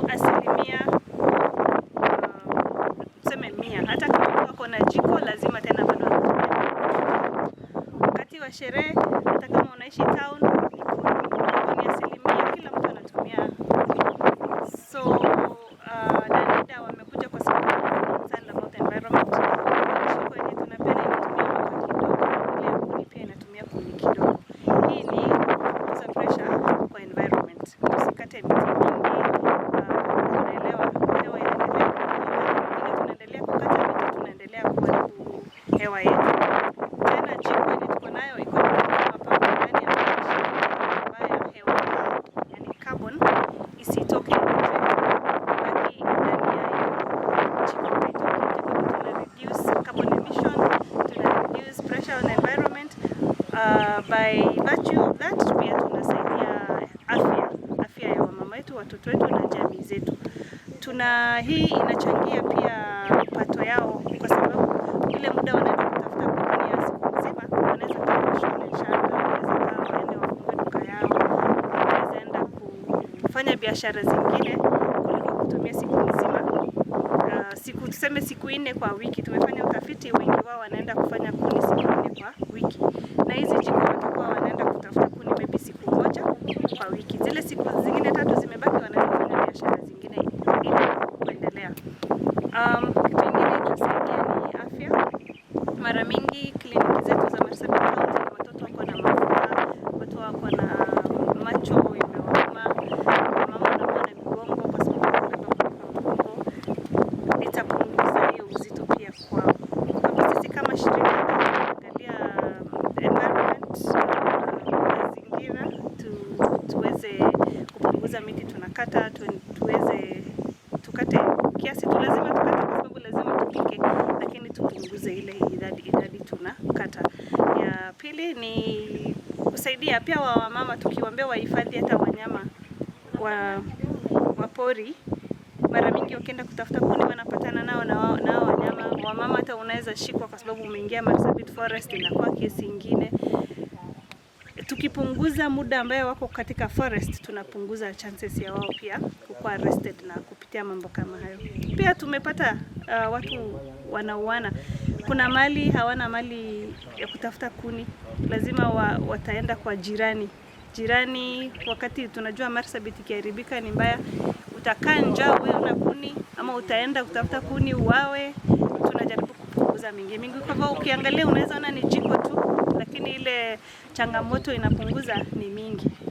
tu asilimia uh, tuseme mia. Hata kama wako na jiko lazima tena bado wakati wa sherehe. Hata kama unaishi town ni asilimia kila mtu anatumia. So uh, wamekuja kwa sababu sana about environment. tunapenda inatumia kuni, pia inatumia kuni. Uh, by virtue of that pia tunasaidia afya afya ya wamama wetu, watoto wetu na jamii zetu. Tuna hii inachangia pia pato yao, kwa sababu ile muda wanaenda kutafuta kutumia siku nzima, wanaweza kwenda shule shamba, wanaweza kwenda wafungue duka yao, wanaweza enda kufanya biashara zingine kuliko kutumia siku nzima siku tuseme siku nne kwa wiki. Tumefanya utafiti, wengi wao wanaenda kufanya kuni siku nne kwa wiki, na hizi jiko watakuwa wanaenda kutafuta kuni maybe siku moja kwa wiki. Zile siku zingine tatu zimebaki, kufanya biashara zingine ili kuendelea. Um, kitu kingine kinasaidia ni afya. Mara mingi kliniki zetu za Marsabit kuuza miti tunakata tu, tuweze tukate kiasi tu, lazima tukate kwa sababu lazima tupike, lakini tupunguze ile idadi idadi tunakata. Ya pili ni kusaidia pia wamama, tukiwaambia wahifadhi hata wanyama wa wapori mara mingi wakienda kutafuta kuni wanapatana nao na wao na wanyama wamama, hata unaweza shikwa kwa sababu umeingia Marsabit Forest, inakuwa kesi ingine tukipunguza muda ambayo wako katika forest, tunapunguza chances ya wao pia kukuwa arrested na kupitia mambo kama hayo. Pia tumepata uh, watu wanauana, kuna mali hawana mali ya kutafuta kuni, lazima wa, wataenda kwa jirani jirani. Wakati tunajua Marsabit ikiharibika ni mbaya, utakaa njaa wewe una kuni, ama utaenda kutafuta kuni uwawe. Tunajaribu kupunguza mingi mingi, kwa hivyo ukiangalia unaweza ona ni jiko tu lakini ile changamoto inapunguza ni mingi.